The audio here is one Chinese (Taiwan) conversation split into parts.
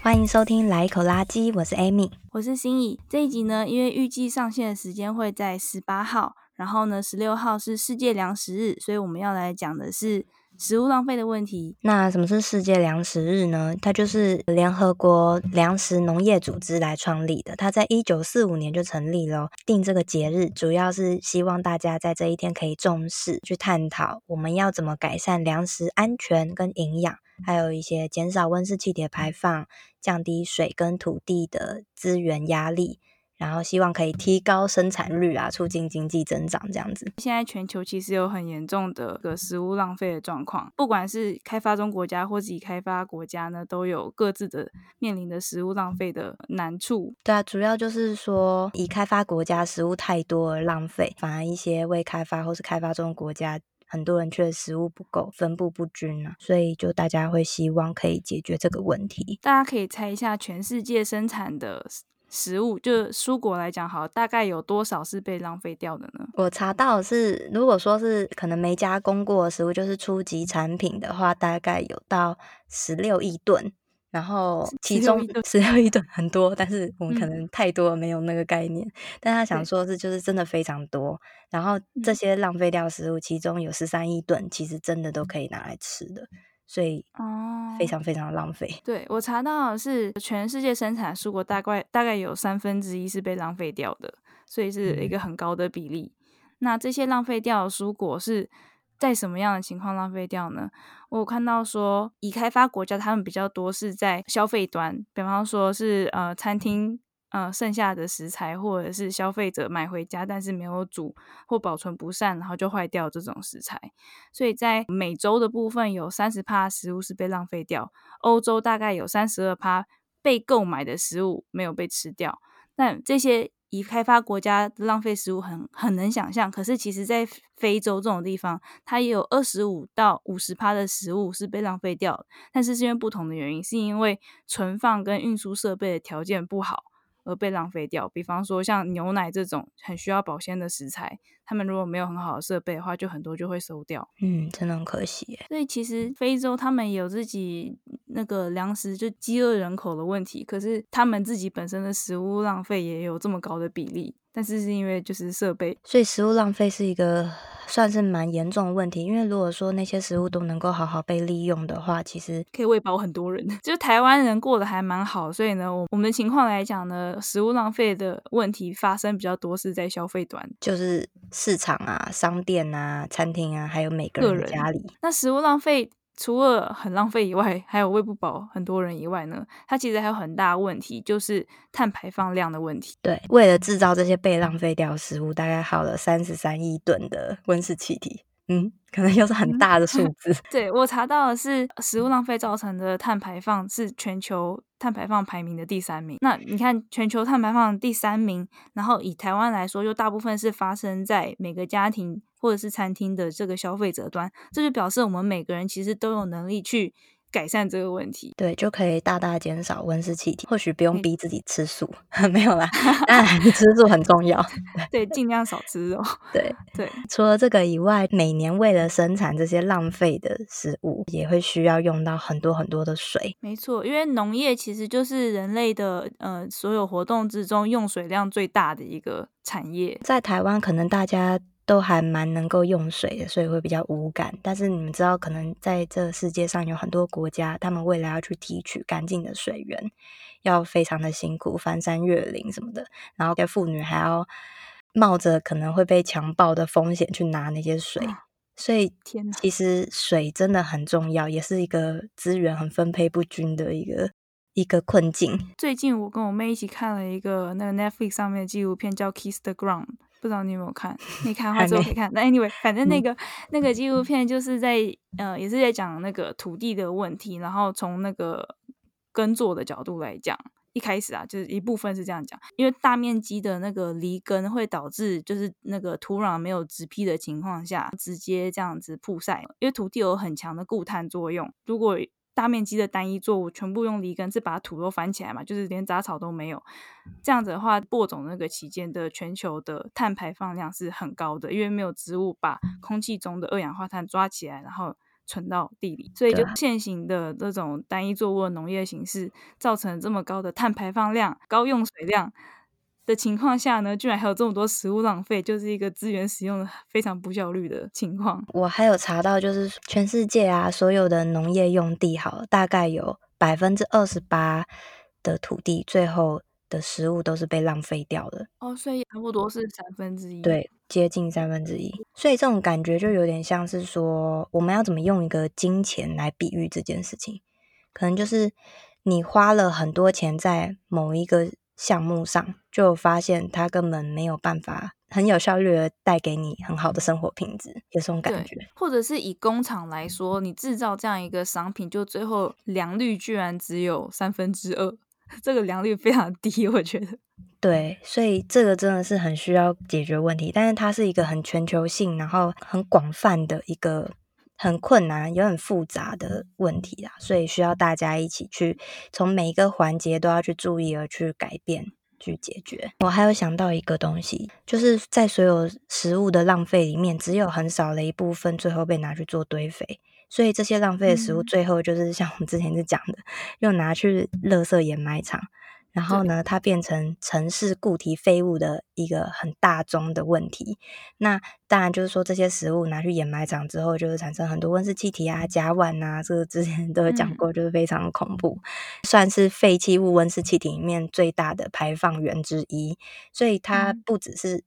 歡迎收聽《來一口垃圾》。我、我是 Amy，我是心怡。這一集呢，因為預計上線的時間會在十八號，然後呢，十六號是世界糧食日，所以我們要來講的是。食物浪費的問題。那什麼是世界糧食日呢？它就是聯合國糧食農業組織來創立的。它在一九四五年就成立了。定這個節日主要是希望大家在這一天可以重視去探討，我們要怎麼改善糧食安全跟營養，還有一些減少溫室氣體排放，降低水跟土地的資源壓力。然後希望可以提高生產率啊，促進經濟增長這樣子。現在全球其實有很嚴重的個食物浪費的狀況，不管是開發中國家或是已開發國家呢，都有各自的面臨的食物浪費的難處。對啊，主要就是說，已開發國家食物太多而浪費，反而一些未開發或是開發中國家，很多人卻食物不夠，分布不均啊，所以就大家會希望可以解決這個問題。大家可以猜一下，全世界生產的。食物就蔬果來講，好，大概有多少是被浪費掉的呢？我查到是，如果說是可能沒加工過的食物，就是初級產品的話，大概有到十六億噸，然後其中十六億噸很多，但是我們可能太多了，沒有那個概念。但他想說的是就是真的非常多。然後這些浪費掉食物，其中有十三億噸，其實真的都可以拿來吃的。所以，哦，非常非常的浪費，oh。對，我查到是全世界生產蔬果大概大概有三分之一是被浪費掉的，所以是一個很高的比例。嗯、那這些浪費掉的蔬果是在什麼樣的情況浪費掉呢？我看到說，已開發國家他們比較多是在消費端，比方說是呃餐廳。呃，剩下的食材或者是消費者買回家，但是沒有煮或保存不善，然後就壞掉這種食材。所以在美洲的部分有三十趴食物是被浪費掉，歐洲大概有三十二趴被購買的食物沒有被吃掉。那這些已開發國家的浪費食物很很能想象，可是其實在非洲這種地方，它也有二十五到五十趴的食物是被浪費掉，但是是因為不同的原因，是因為存放跟運輸設備的條件不好，而被浪費掉，比方說像牛奶這種很需要保鮮的食材，他們如果沒有很好的設備的話，就很多就會收掉。嗯，真的很可惜。所以其實非洲他們有自己那個糧食就飢餓人口的問題，可是他們自己本身的食物浪費也有這麼高的比例，但是是因為就是設備，所以食物浪費是一個。算是蠻嚴重的問題，因為如果說那些食物都能夠好好被利用的話，其實可以餵飽很多人。就是台灣人過得還蠻好，所以呢，我我們的情況來講呢，食物浪費的問題發生比較多是在消費端，就是市場啊、商店啊、餐廳啊，還有每個人家裡個人。那食物浪費。除了很浪費以外，還有餵不飽很多人以外呢，它其實還有很大的問題，就是碳排放量的問題。對，為了製造這些被浪費掉的食物，大概耗了三十三億噸的溫室氣體。嗯，可能又是很大的數字。 對，我查到的是，食物浪費造成的碳排放是全球碳排放排名的第三名。那你看，全球碳排放第三名，然後以台灣來說，就大部分是發生在每個家庭。或者是餐廳的這個消費者端，這就表示我們每個人其實都有能力去改善這個問題，對，就可以大大減少溫室氣體。或許不用逼自己吃素，欸、沒有啦，但 吃素很重要， 對，盡量少吃肉。對對，除了這個以外，每年為了生產這些浪費的食物，也會需要用到很多很多的水。沒錯，因為農業其實就是人類的呃所有活動之中用水量最大的一個產業。在台灣，可能大家。都還蠻能夠用水的，所以會比較無感。但是你們知道，可能在這世界上有很多國家，他們未來要去提取乾淨的水源，要非常的辛苦，翻山越嶺什麼的。然後，這些婦女還要冒着可能會被強暴的風險去拿那些水。啊、所以天哪，其實水真的很重要，也是一個資源很分配不均的一個一個困境。最近，我跟我妹一起看了一個那個 Netflix 上面的紀錄片，叫《Kiss the Ground》。不知道你有沒有看，沒看，或者可以看。那 anyway，反正那個、嗯、那個紀錄片就是在呃，也是在講那個土地的問題。然後從那個耕作的角度來講，一開始啊，就是一部分是這樣講，因為大面積的那個犁耕會導致，就是那個土壤沒有植被的情況下，直接這樣子曝曬，因為土地有很強的固碳作用。如果，大面積的單一作物全部用犁耕，是把土都翻起來嘛，就是連雜草都沒有。這樣子的話，播種那個期間的全球的碳排放量是很高的，因為沒有植物把空氣中的二氧化碳抓起來，然後存到地裡，所以就現行的這種單一作物的農業形式，造成這麼高的碳排放量、高用水量。的情況下呢，居然還有這麼多食物浪費，就是一個資源使用非常不效率的情況。我還有查到，就是全世界啊，所有的農業用地好了，大概有百分之二十八的土地，最後的食物都是被浪費掉的哦，所以差不多是三分之一，對，接近三分之一。所以這種感覺就有點像是說，我們要怎麼用一個金錢來比喻這件事情？可能就是你花了很多錢在某一個。項目上就發現它根本沒有辦法很有效率的帶給你很好的生活品質，有、就是、這種感覺。對，或者是以工廠來說，你制造這樣一個商品，就最後良率居然只有三分之二，這個良率非常低，我覺得。對，所以這個真的是很需要解決問題，但是它是一個很全球性，然後很廣泛的一個。很困難，也很複雜的問題啦，所以需要大家一起去，從每一個環節都要去注意，而去改變，去解決。我還有想到一個東西，就是在所有食物的浪費裡面，只有很少的一部分最後被拿去做堆肥，所以這些浪費的食物最後就是像我們之前是講的、嗯，又拿去垃圾掩埋場。然後呢，它變成城市固體廢物的一個很大宗的問題。那當然就是說，這些食物拿去掩埋場之後，就是產生很多溫室氣體啊、甲烷啊，這個之前都有講過、嗯，就是非常恐怖，算是廢棄物溫室氣體裡面最大的排放源之一。所以它不只是、嗯。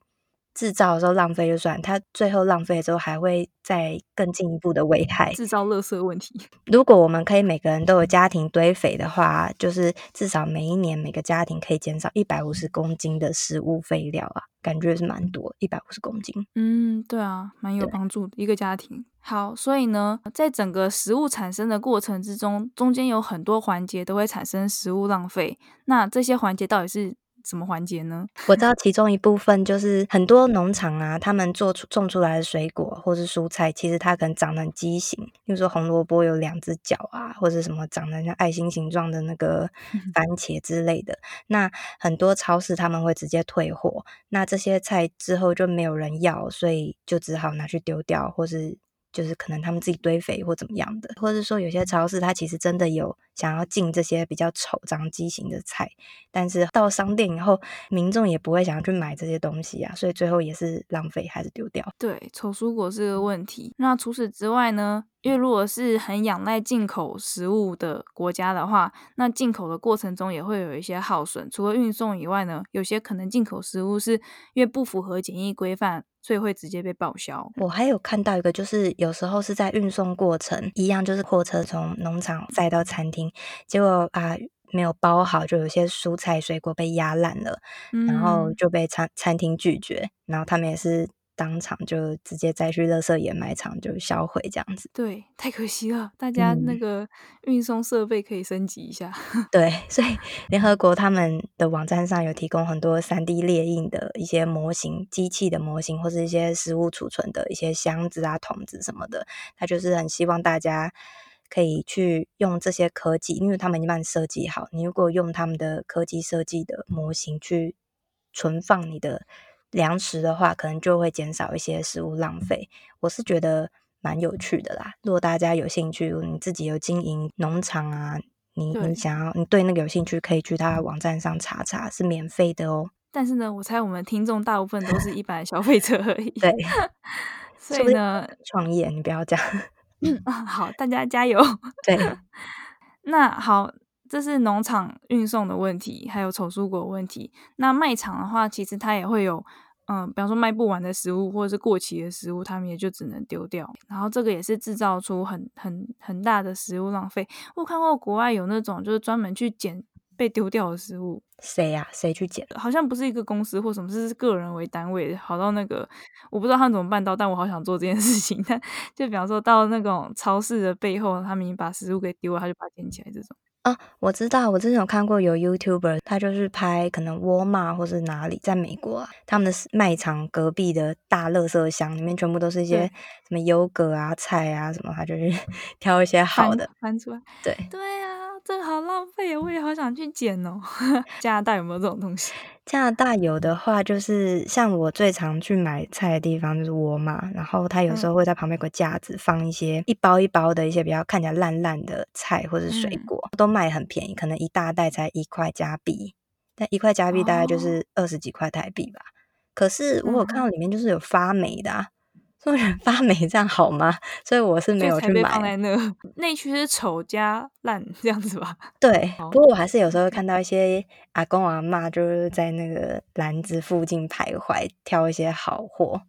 製造的時候浪費就算，它最後浪費之後還會再更進一步的危害，製造垃圾的問題。如果我們可以每個人都有家庭堆肥的話，就是至少每一年每個家庭可以減少一百五十公斤的食物廢料啊，感覺是蠻多，一百五十公斤？嗯，對啊，蠻有幫助的一個家庭。好，所以呢，在整個食物產生的過程之中，中間有很多環節都會產生食物浪費，那這些環節到底是？什麼環節呢？ 我知道其中一部分就是很多農場啊，他們做出種出來的水果或是蔬菜，其實它可能長得很畸形，比如說紅蘿蔔有兩隻腳啊，或者什麼長得像愛心形狀的那個番茄之類的。那很多超市他們會直接退貨，那這些菜之後就沒有人要，所以就只好拿去丟掉，或是就是可能他們自己堆肥或怎麼樣的，或者說有些超市它其實真的有。想要進這些比較醜、髒、畸形的菜，但是到商店以後，民眾也不會想要去買這些東西啊，所以最後也是浪費還是丟掉。對，醜蔬果是個問題。那除此之外呢？因為如果是很仰賴進口食物的國家的話，那進口的過程中也會有一些耗損，除了運送以外呢，有些可能進口食物是因為不符合檢疫規範，所以會直接被報銷。我還有看到一個，就是有時候是在運送過程一樣，就是貨車從農場載到餐廳。結果啊，沒有包好，就有些蔬菜水果被壓爛了，嗯、然後就被餐餐廳拒絕，然後他們也是當場就直接再去垃圾掩埋場就銷毀這樣子。對，太可惜了，大家那個運送設備可以升級一下。嗯、對，所以聯合國他們的網站上有提供很多三 D 列印的一些模型、機器的模型，或是一些食物儲存的一些箱子啊、桶子什麼的，他就是很希望大家。可以去用這些科技，因為他們已經幫你設計好。你如果用他們的科技設計的模型去存放你的糧食的話，可能就會減少一些食物浪費。我是覺得蠻有趣的啦。如果大家有興趣，你自己有經營農場啊，你你想要，你對那個有興趣，可以去他的網站上查查，是免費的哦。但是呢，我猜我們聽眾大部分都是一般消費者而已。 對， 所以呢，是不是創業你不要這樣。啊、嗯，好，大家加油！對， 那好，這是農場運送的問題，還有醜蔬果問題。那賣場的話，其實它也會有，嗯、呃，比方說賣不完的食物或者是過期的食物，他們也就只能丟掉。然後這個也是製造出很很很大的食物浪費。我看過國外有那種，就是專門去撿。被丟掉的食物，誰呀、啊？誰去撿？好像不是一個公司或什麼，是個人為單位。好到那個，我不知道他們怎麼辦到，但我好想做這件事情。但就比方說到那種超市的背後，他們已經把食物給丟了，他就把它撿起來這種啊，我知道，我之前有看過有 YouTuber，他就是拍可能沃爾瑪或是哪裡，在美國啊，他們的賣場隔壁的大垃圾箱裡面全部都是一些什麼優格啊、菜啊什麼，他就是 挑一些好的翻,翻出來。對對啊。這個好浪費、哦，我也好想去撿哦。 加拿大有沒有這種東西？加拿大有的話，就是像我最常去買菜的地方就是沃爾瑪。然後他有時候會在旁邊一個架子放一些、嗯、一包一包的一些比較看起來爛爛的菜或者是水果、嗯，都賣很便宜，可能一大袋才一塊加幣，但一塊加幣大概就是二十幾塊台幣吧、哦。可是我有看到裡面就是有發霉的、啊。突然發霉，這樣好嗎？所以我是沒有去買。放在那，那區是醜加爛這樣子吧。對、哦，不過我還是有時候看到一些阿公阿嬤就是在那個籃子附近徘徊，挑一些好貨。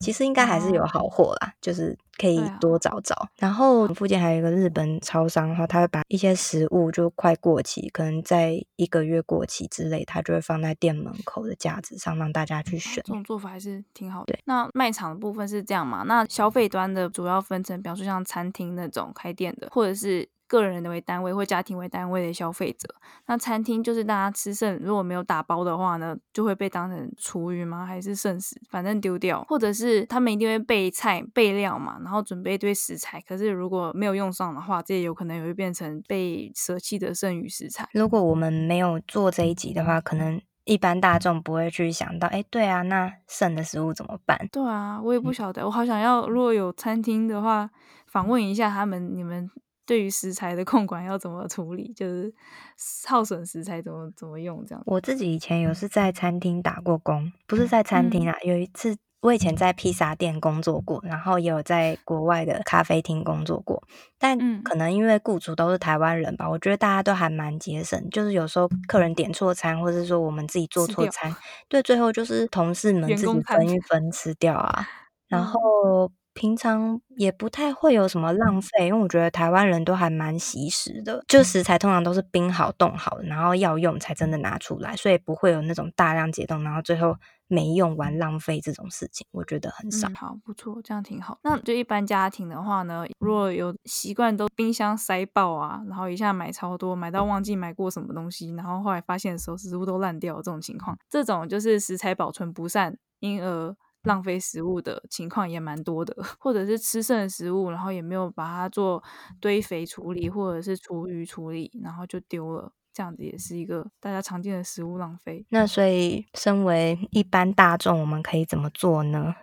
其實應該還是有好貨啦、哦，就是。可以多找找、啊，然後附近還有一個日本超商的話，他會把一些食物就快過期，可能在一個月過期之類，他就會放在店門口的架子上，讓大家去選。這種做法還是挺好的。那賣場的部分是這樣嘛？那消費端的主要分成，比如說像餐廳那種開店的，或者是個人的為單位或家庭為單位的消費者。那餐廳就是大家吃剩，如果沒有打包的話呢，就會被當成廚餘嗎？還是剩食？反正丟掉，或者是他們一定會備菜備料嘛，然後。然後準備一堆食材，可是如果沒有用上的話，這也有可能也會變成被捨棄的剩餘食材。如果我們沒有做這一集的話，可能一般大眾不會去想到，哎，對啊，那剩的食物怎麼辦？對啊，我也不曉得、嗯，我好想要，如果有餐廳的話，訪問一下他們，你們對於食材的控管要怎麼處理，就是耗損食材怎麼怎麼用這樣。我自己以前有是在餐廳打過工，嗯、不是在餐廳啊，嗯、有一次。我以前在披薩店工作過，然後也有在國外的咖啡廳工作過，但可能因為雇主都是台灣人吧，我覺得大家都還蠻節省，就是有時候客人點錯餐，或者說我們自己做錯餐，對，最後就是同事們自己分一分吃掉啊。然後平常也不太會有什麼浪費，因為我覺得台灣人都還蠻惜食的，就食材通常都是冰好、凍好，然後要用才真的拿出來，所以不會有那種大量解凍，然後最後。沒用完浪費這種事情，我覺得很少，嗯。好，不錯，這樣挺好。那就一般家庭的話呢，如果有習慣都冰箱塞爆啊，然後一下買超多，買到忘記買過什麼東西，然後後來發現的時候食物都爛掉這種情況，這種就是食材保存不善，因而浪費食物的情況也蠻多的。或者是吃剩的食物，然後也沒有把它做堆肥處理，或者是廚餘處理，然後就丟了。這樣子也是一個大家常見的食物浪費。那所以，身為一般大衆，我們可以怎麼做呢？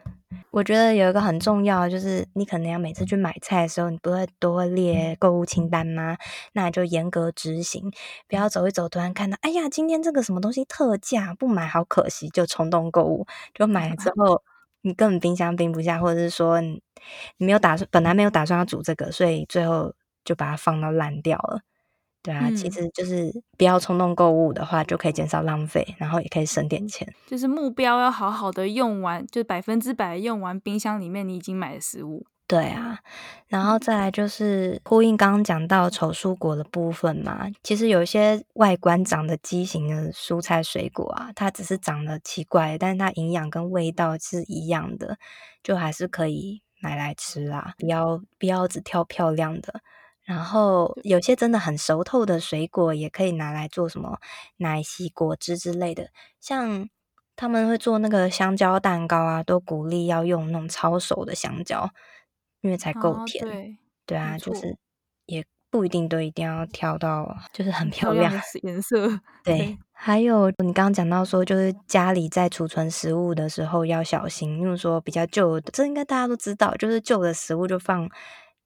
我覺得有一個很重要，就是你可能要每次去買菜的時候，你不會多列購物清單嗎？那你就嚴格執行，不要走一走，突然看到，哎呀，今天這個什麼東西特價，不買好可惜，就衝動購物，就買了之後，你根本冰箱冰不下，或者是說你，你沒有打算，本來沒有打算要煮這個，所以最後就把它放到爛掉了。對啊、嗯，其實就是不要衝動購物的話，就可以減少浪費，然後也可以省點錢。就是目標要好好的用完，就百分之百用完冰箱裡面你已經買的食物。對啊，然後再來就是呼應剛剛講到醜蔬果的部分嘛、嗯。其實有一些外觀長得畸形的蔬菜水果啊，它只是長得奇怪，但是它營養跟味道是一樣的，就還是可以買來吃啊。不要不要只挑漂亮的。然後有些真的很熟透的水果也可以拿來做什麼奶昔、果汁之類的。像他們會做那個香蕉蛋糕啊，都鼓勵要用那種超熟的香蕉，因為才夠甜。啊、對，對啊，就是也不一定都一定要挑到就是很漂亮顏色。對， 還有你剛剛講到說，就是家裡在儲存食物的時候要小心，因為說比較舊的，這應該大家都知道，就是舊的食物就放。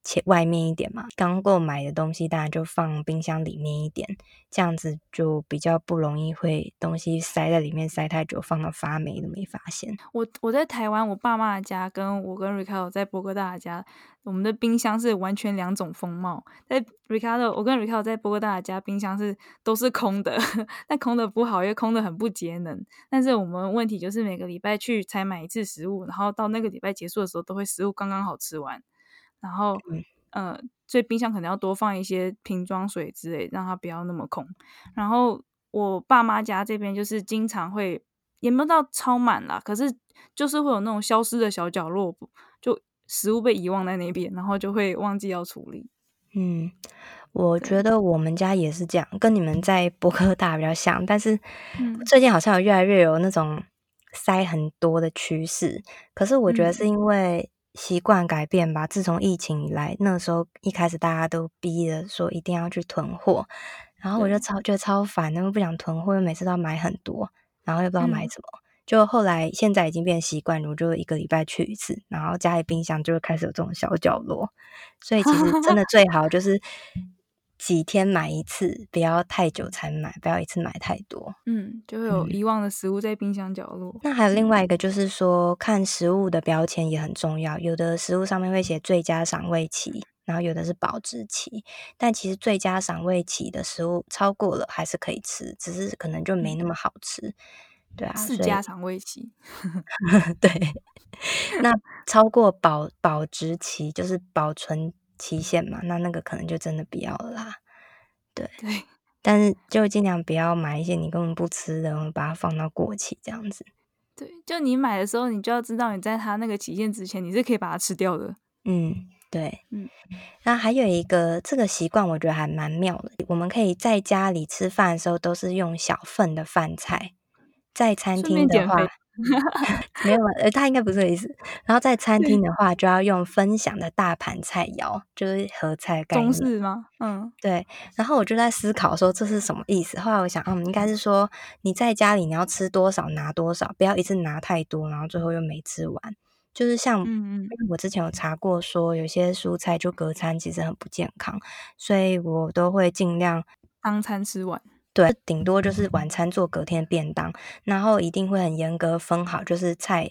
且外面一點嘛，剛購買的東西大家就放冰箱裡面一點，這樣子就比較不容易會東西塞在裡面塞太久，放到發霉都沒發現。我我在台灣我爸媽的家跟我跟 Ricardo 在波哥大的家，我們的冰箱是完全兩種風貌。在 Ricardo 的，我跟 Ricardo 在波哥大的家，冰箱是都是空的，但空的不好，因為空的很不節能。但是我們問題就是每個禮拜去採買一次食物，然後到那個禮拜結束的時候，都會食物剛剛好吃完。然後，嗯、呃，所以冰箱可能要多放一些瓶裝水之類，讓它不要那麼空。然後我爸媽家這邊就是經常會也不到超滿了，可是就是會有那種消失的小角落，就食物被遺忘在那邊，然後就會忘記要處理。嗯，我覺得我們家也是這樣，跟你們在波哥大比較像，但是最近好像有越來越有那種塞很多的趨勢。可是我覺得是因為。習慣改變吧。自從疫情以來，那時候一開始大家都逼着說一定要去囤貨，然後我就超覺得超煩，那麼不想囤貨，每次都要買很多，然後又不知道買什麼。嗯、就後來現在已經變習慣，我就一個禮拜去一次，然後家裡冰箱就會開始有這種小角落。所以其實真的最好就是。 幾天買一次，不要太久才買，不要一次買太多。嗯，就會有遺忘的食物在冰箱角落。嗯、那還有另外一個，就是說看食物的標籤也很重要。有的食物上面會寫最佳賞味期，然後有的是保質期。但其實最佳賞味期的食物超過了還是可以吃，只是可能就沒那麼好吃。嗯、對啊，是家常味期。 對， 那超過保保質期就是保存。期限嘛，那那個可能就真的比較辣，對。對。但是就盡量不要買一些你根本不吃的，然後把它放到過期這樣子。對，就你買的時候，你就要知道你在它那個期限之前你是可以把它吃掉的。嗯，對。嗯。那還有一個這個習慣，我覺得還蠻妙的。我們可以在家裡吃飯的時候都是用小份的飯菜，在餐廳的話。 沒有他應該不是這個意思。然後在餐廳的話，就要用分享的大盤菜肴，就是合菜概念。中式嗎？嗯，對。然後我就在思考說這是什麼意思。後來我想，嗯，應該是說你在家裡你要吃多少拿多少，不要一次拿太多，然後最後又沒吃完。就是像嗯我之前有查過說有些蔬菜就隔餐其實很不健康，所以我都會儘量當餐吃完。對，頂多就是晚餐做隔天便當，嗯，然後一定會很嚴格分好，就是菜，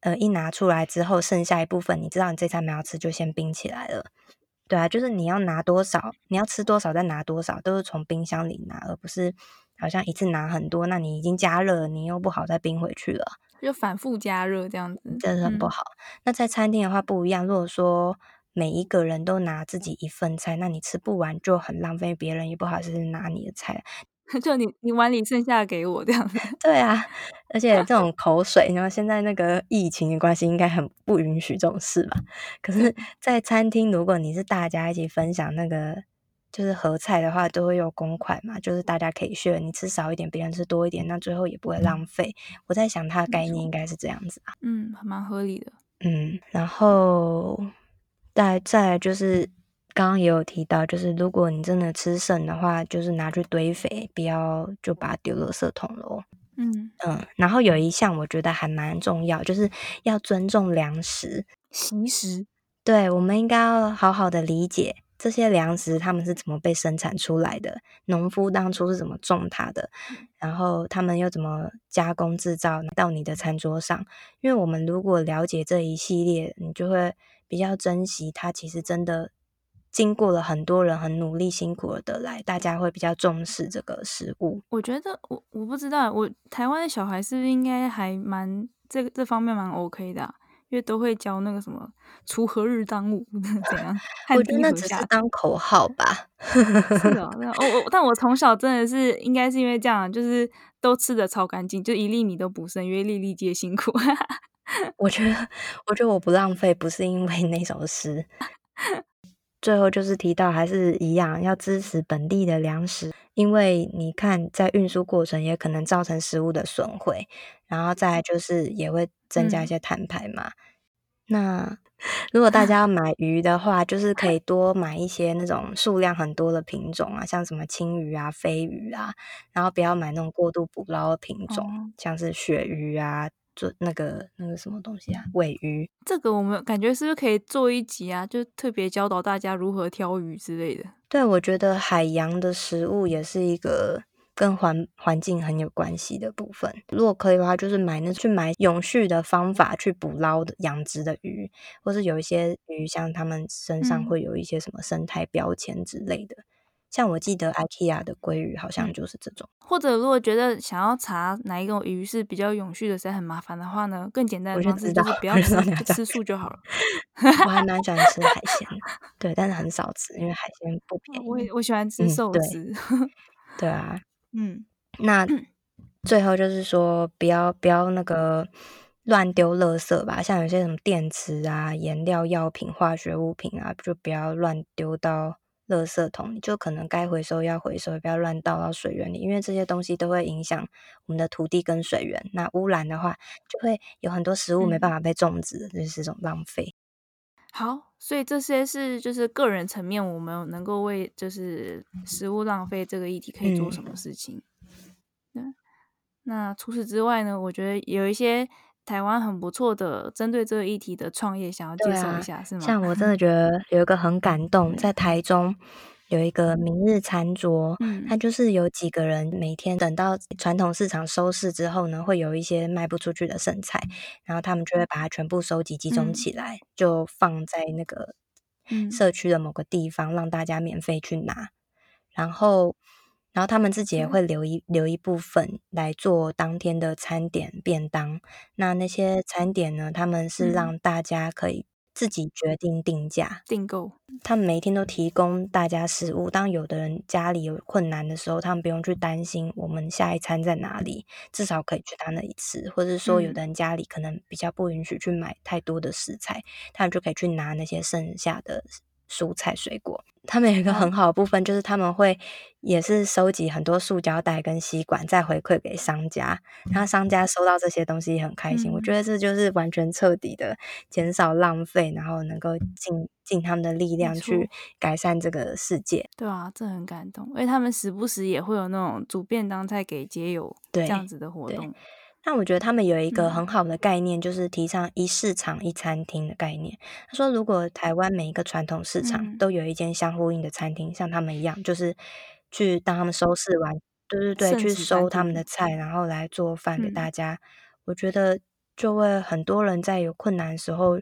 呃，一拿出來之後，剩下一部分，你知道你這餐沒有吃，就先冰起來了。對啊，就是你要拿多少，你要吃多少再拿多少，都是從冰箱裡拿，而不是好像一次拿很多，那你已經加熱了，你又不好再冰回去了，就反復加熱這樣子，真的很不好，嗯。那在餐廳的話不一樣，如果說每一個人都拿自己一份菜，那你吃不完就很浪費，別人也不好意思拿你的菜。就你，你碗裡剩下給我這樣的。對啊，而且這種口水，然 後現在那個疫情的關係，應該很不允許這種事吧？可是，在餐廳，如果你是大家一起分享那個就是合菜的話，都會有公筷嘛，就是大家可以選，你吃少一點，別人吃多一點，那最後也不會浪費。我在想，它的概念應該是這樣子吧？嗯，還蠻合理的。嗯，然後，再來再來就是。剛剛也有提到，就是如果你真的吃剩的話，就是拿去堆肥，不要就把它丟垃圾桶了哦。嗯嗯，然後有一項我覺得還蠻重要，就是要尊重糧食。行食，對，我們應該要好好的理解這些糧食他們是怎麼被生產出來的，農夫當初是怎麼種它的，然後他們又怎麼加工製造到你的餐桌上。因為我們如果了解這一系列，你就會比較珍惜它，其實真的。經過了很多人很努力辛苦得來，大家會比較重視這個食物。我覺得我我不知道，我台灣的小孩是不是應該還蠻這個這方面蠻 OK 的，啊，因為都會教那個什麼“鋤禾日當午”怎樣？我覺得那只是當口號吧。 是哦，啊，但我從小真的是應該是因為這樣，就是都吃的超乾淨，就一粒米都不剩，因為粒粒皆辛苦。 我覺得，我覺得我不浪費不是因為那首詩。 最後就是提到，還是一樣要支持本地的糧食，因為你看，在運輸過程也可能造成食物的損毀，然後再來就是也會增加一些碳排嘛。嗯、那如果大家要買魚的話， 就是可以多買一些那種數量很多的品種啊，像什麼鯖魚啊、飛魚啊，然後不要買那種過度捕撈的品種，嗯、像是鱈魚啊。做那個那個什麼東西啊？尾魚，這個我們感覺是不是可以做一集啊？就特別教導大家如何挑魚之類的。對，我覺得海洋的食物也是一個跟環環境很有關係的部分。如果可以的話，就是買，那去買永續的方法去捕撈的養殖的魚，或是有一些魚，像它們身上會有一些什麼生態標籤之類的。嗯。像我記得 IKEA 的鮭魚好像就是這種，或者如果覺得想要查哪一種魚是比較永續的，實在很麻煩的話呢，更簡單的就我知道不要吃，吃素就好了。我還蠻喜歡吃海鮮的， 對，但是很少吃，因為海鮮不便宜。我也我喜歡吃壽司。嗯、對， 對啊，嗯 那 最後就是說，不要不要那個亂丟垃圾吧，像有些什麼電池啊、顏料、藥品、化學物品啊，就不要亂丟到。垃圾桶，就可能該回收要回收，不要亂倒到水源裡，因為這些東西都會影響我們的土地跟水源。那污染的話，就會有很多食物沒辦法被種植，嗯、就是這種浪費。好，所以這些是就是個人層面我們能夠為就是食物浪費這個議題可以做什麼事情、嗯。對，那除此之外呢？我覺得有一些。台灣很不錯的，針對這個議題的創業，想要介紹一下。啊，是嗎？像我真的覺得有一個很感動， 在台中有一個明日餐桌，嗯，它就是有幾個人每天等到傳統市場收市之後呢，會有一些賣不出去的剩菜，嗯，然後他們就會把它全部收集集中起來，嗯，就放在那個社區的某個地方，嗯、讓大家免費去拿，然後。然後他們自己也會留一、嗯、留一部分來做當天的餐點便當。那那些餐點呢？他們是讓大家可以自己決定定價、嗯、訂購。他們每一天都提供大家食物。當有的人家裡有困難的時候，他們不用去擔心我們下一餐在哪裡，至少可以去他那裡吃。或者說，有的人家裡可能比較不允許去買太多的食材，嗯、他們就可以去拿那些剩下的。蔬菜水果，他們有一個很好的部分，就是他們會也是收集很多塑膠袋跟吸管，再回饋給商家。然後商家收到這些東西也很開心。嗯、我覺得這就是完全徹底的減少浪費，然後能夠盡盡他們的力量去改善這個世界。對啊，這很感動，因為他們時不時也會有那種煮便當菜給街友這樣子的活動。但我覺得他們有一個很好的概念，嗯、就是提倡一市場一餐廳的概念。他說，如果台灣每一個傳統市場都有一間相呼應的餐廳，嗯，像他們一樣，就是去當他們收拾完，對對對，去收他們的菜，然後來做飯給大家。嗯、我覺得，就會很多人在有困難的時候。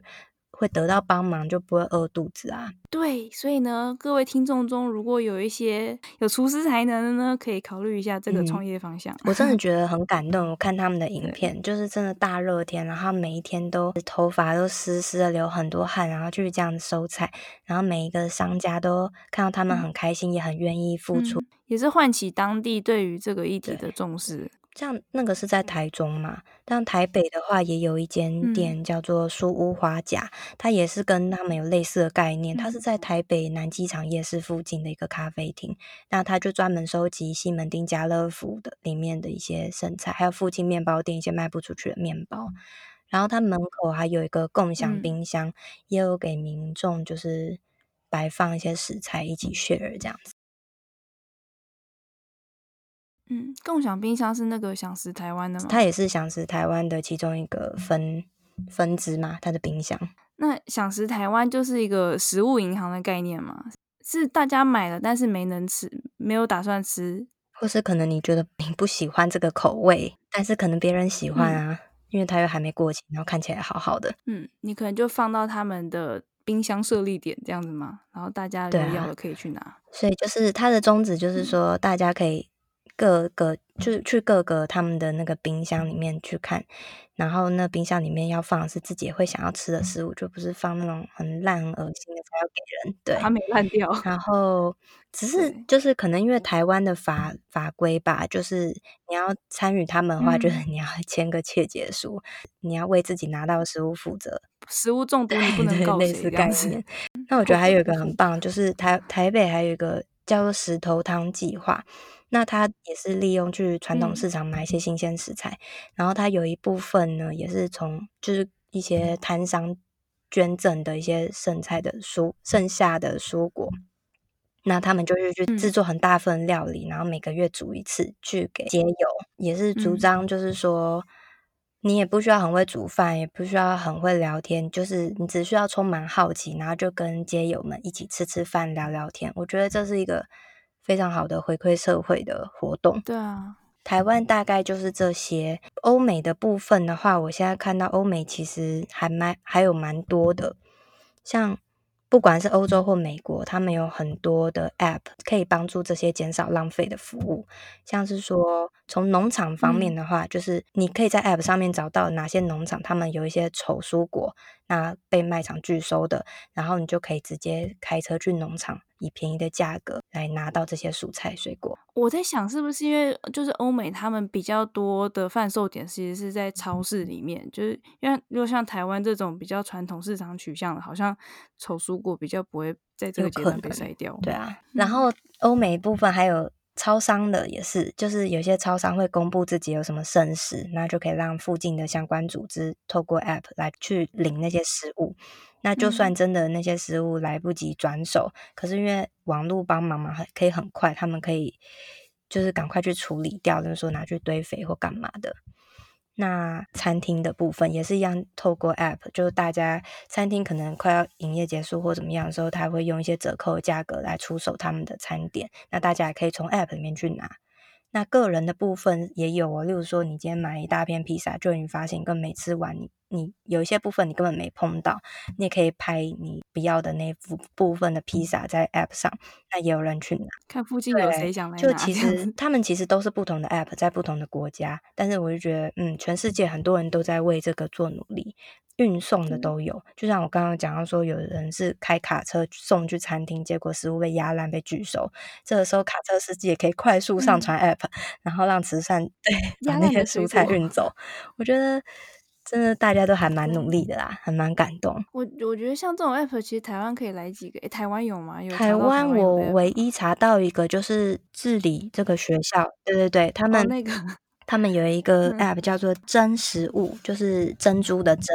會得到幫忙，就不會餓肚子啊！對，所以呢，各位聽眾中如果有一些有廚師才能的呢，可以考慮一下這個創業方向。嗯，我真的覺得很感動，我看他們的影片，就是真的大熱天，然後每一天都頭髮都濕濕的，流很多汗，然後去這樣收菜，然後每一個商家都看到他們很開心，嗯，也很願意付出，嗯，也是喚起當地對於這個議題的重視。像那個是在台中嘛，但台北的話也有一間店叫做書屋花甲，嗯，它也是跟他們有類似的概念。它是在台北南機場夜市附近的一個咖啡廳，那他就專門收集西門町家樂福的裡面的一些生菜，還有附近麵包店一些賣不出去的麵包。嗯、然後他門口還有一個共享冰箱，嗯、也有給民眾就是擺放一些食材一起 share 這樣子。嗯，共享冰箱是那個享食台灣的嗎？它也是享食台灣的其中一個分分支嘛，它的冰箱。那享食台灣就是一個食物銀行的概念嘛，是大家買了但是沒能吃，沒有打算吃，或是可能你覺得你不喜歡這個口味，但是可能別人喜歡啊，嗯、因為它又還沒過期，然後看起來好好的。嗯，你可能就放到他們的冰箱設立點這樣子嘛，然後大家有要的可以去拿，啊。所以就是它的宗旨就是說，大家可以。各個就是去各個他們的那個冰箱裡面去看，然後那冰箱裡面要放是自己會想要吃的食物，就不是放那種很爛、很惡心的，才要給人。對，他沒爛掉。然後只是就是可能因為台灣的法法規吧，就是你要參與他們的話，嗯、就是你要簽個切結書，你要為自己拿到食物負責。食物中毒不能告誰。類似概念。 那我覺得還有一個很棒，就是台台北還有一個叫做石頭湯計劃。那他也是利用去傳統市場買一些新鮮食材，嗯，然後他有一部分呢，也是從就是一些攤商捐贈的一些剩菜的蔬剩下的蔬果，那他們就是去製作很大份料理，嗯，然後每個月煮一次去給街友，也是主張就是說你也不需要很會煮飯，嗯，也不需要很會聊天，就是你只需要充滿好奇，然後就跟街友們一起吃吃飯、聊聊天。我覺得這是一個。非常好的回饋社會的活動。對啊，台灣大概就是這些。歐美的部分的話，我現在看到歐美其實還蠻還有蠻多的，像不管是歐洲或美國，他們有很多的 App 可以幫助這些減少浪費的服務，像是說。從農場方面的話、嗯，就是你可以在 App 上面找到哪些農場，他們有一些醜蔬果，那被賣場拒收的，然後你就可以直接開車去農場，以便宜的價格來拿到這些蔬菜水果。我在想，是不是因為就是歐美他們比較多的販售點，其實是在超市裡面，就是因為如果像台灣這種比較傳統市場取向的，好像醜蔬果比較不會在這個階段被可能被篩掉。對啊、嗯，然後歐美部分還有。超商的也是，就是有些超商會公布自己有什麼剩食，那就可以讓附近的相關組織透過 App 來去領那些食物。那就算真的那些食物來不及轉手、嗯，可是因為網絡幫忙嘛，可以很快，他們可以就是趕快去處理掉，就是說拿去堆肥或幹嘛的。那餐廳的部分也是一樣，透過 App，就是大家餐廳可能快要營業結束或怎麼樣的時候，他會用一些折扣的價格來出售他們的餐點，那大家也可以從 App 裡面去拿。那個人的部分也有啊、哦，例如說你今天買一大片披薩，就你發現根本沒吃完。你有一些部分你根本沒碰到，你也可以拍你不要的那部分的披薩在 App 上，那也有人去拿，看附近有誰想來拿。就其實 他們其實都是不同的 App，在不同的國家，但是我就覺得，嗯，全世界很多人都在為這個做努力，運送的都有。嗯、就像我剛剛講到說，有人是開卡車送去餐廳，結果食物被壓爛被拒收，這個時候卡車司機也可以快速上傳 App，、嗯、然後讓慈善、對、把那些蔬菜運走。我覺得。真的，大家都還蠻努力的啦，嗯、還蠻感動。我我覺得像這種 app，其實台灣可以來幾個。欸、台灣有嗎？有台灣我唯一查到一個就是治理這個學校，嗯、對對對，他們、啊、那個，他們有一個 app 叫做“真食物”，就是珍珠的“珍”。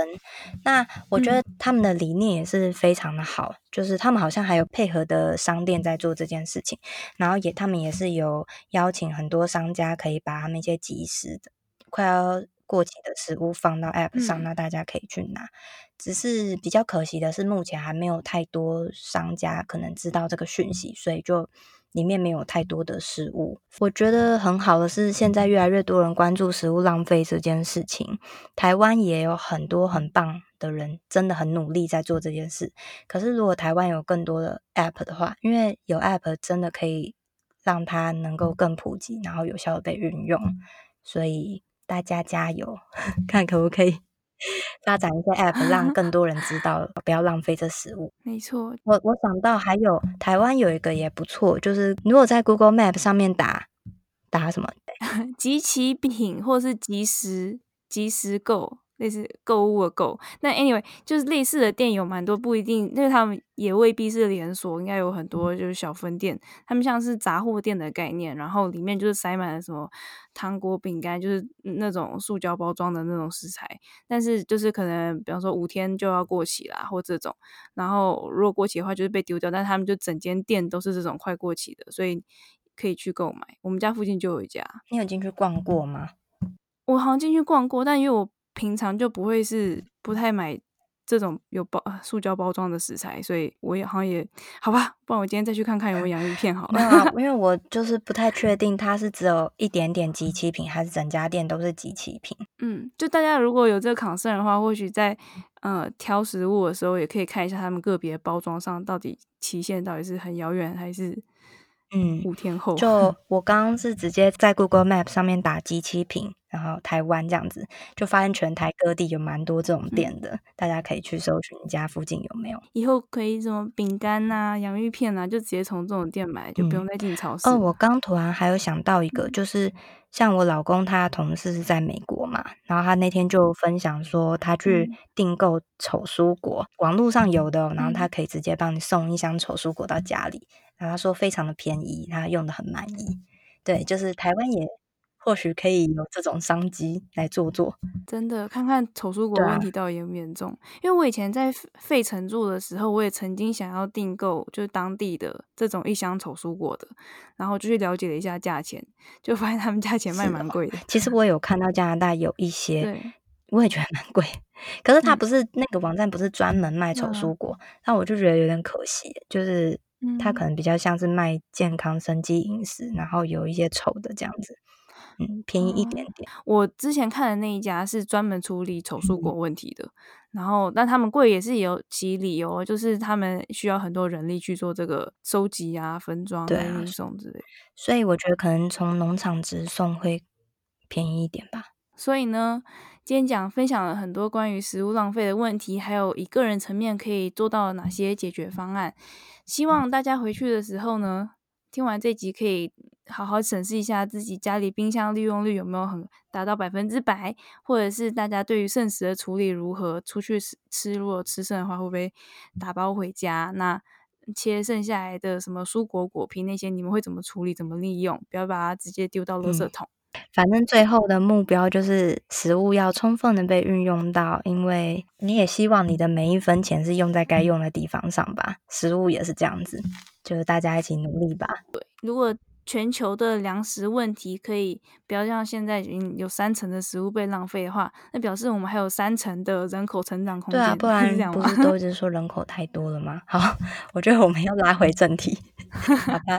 那我覺得他們的理念也是非常的好、嗯，就是他們好像還有配合的商店在做這件事情，然後也他們也是有邀請很多商家可以把他們一些即時的快要。過期的食物放到 App 上，那大家可以去拿。嗯。只是比較可惜的是，目前還沒有太多商家可能知道這個訊息，所以就裡面沒有太多的食物。我覺得很好的是，現在越來越多人關注食物浪費這件事情。台灣也有很多很棒的人，真的很努力在做這件事。可是，如果台灣有更多的 App 的話，因為有 App 真的可以讓它能夠更普及，然後有效地被運用，所以。大家加油，看可不可以發展一個 app，讓更多人知道， 不要浪費這食物。沒錯，我我想到還有台灣有一個也不錯，就是如果在 Google Map 上面打打什麼即期 品或是即時即時購。類似購物的購，那 anyway 就是類似的店有蠻多，不一定，因為他們也未必是連鎖，應該有很多就是小分店。他們像是雜貨店的概念，然後裡面就是塞滿了什麼糖果、餅乾，就是那種塑膠包裝的那種食材。但是就是可能，比方說五天就要過期啦，或這種。然後如果過期的話，就是被丟掉。但他們就整間店都是這種快過期的，所以可以去購買。我們家附近就有一家，你有進去逛過嗎？我好像進去逛過，但因為我。平常就不會是不太買這種有包塑膠包裝的食材，所以我也好像也好吧，不然我今天再去看看有沒有洋芋片好了、 沒有啊。因為我就是不太確定它是只有一點點即期品，還是整家店都是即期品。嗯，就大家如果有這個 concern 的話，或許在呃挑食物的時候，也可以看一下他們個別包裝上到底期限到底是很遙遠，還是嗯五天後。嗯、就我剛剛是直接在 Google Map 上面打即期品。然後台灣這樣子，就發現全台各地有蠻多這種店的，嗯，大家可以去搜尋你家附近有沒有。以後可以什麼餅乾啊、洋芋片啊，就直接從這種店買，就不用再進超市，嗯。哦，我剛突然還有想到一個，嗯，就是像我老公他同事是在美國嘛，嗯，然後他那天就分享說他去訂購醜蔬果，嗯，網絡上有的，哦，然後他可以直接幫你送一箱醜蔬果到家裡，嗯，然後他說非常的便宜，他用得很滿意。對，就是台灣也。或許可以有這種商機來做做，真的看看醜蔬果問題到底嚴不嚴重、啊。因為我以前在費城住的時候，我也曾經想要訂購就當地的這種一箱醜蔬果的，然後就去了解了一下價錢，就發現他們價錢賣蠻貴的、的。其實我有看到加拿大有一些，對我也覺得蠻貴。可是他不是、嗯、那個網站，不是專門賣醜蔬果，那、啊、我就覺得有點可惜。就是他可能比較像是賣健康生飲、生機飲食，然後有一些醜的這樣子。嗯、便宜一點點、啊。我之前看的那一家是專門處理醜蔬果問題的，嗯、然後但他們貴也是有其理由，就是他們需要很多人力去做這個收集啊、分裝、運、啊、送之類的。所以我覺得可能從農場直送會便宜一點吧。所以呢，今天講分享了很多關於食物浪費的問題，還有以個人層面可以做到哪些解決方案。希望大家回去的時候呢，嗯、聽完這集可以。好好審視一下自己家裡冰箱利用率有沒有很達到百分之百，或者是大家對於剩食的處理如何？出去吃，如果吃剩的話，會不會打包回家？那切剩下來的什麼蔬果果皮那些，你們會怎麼處理？怎麼利用？不要把它直接丟到垃圾桶。嗯，反正最後的目標就是食物要充分的被運用到，因為你也希望你的每一分錢是用在該用的地方上吧？食物也是這樣子，就是大家一起努力吧。對，如果。全球的糧食問題，可以不要像現在已經有三成的食物被浪費的話，那表示我們還有三成的人口成長空間。對啊，不然不是都一直說人口太多了嗎？ 好，我覺得我們要拉回正題， 好吧。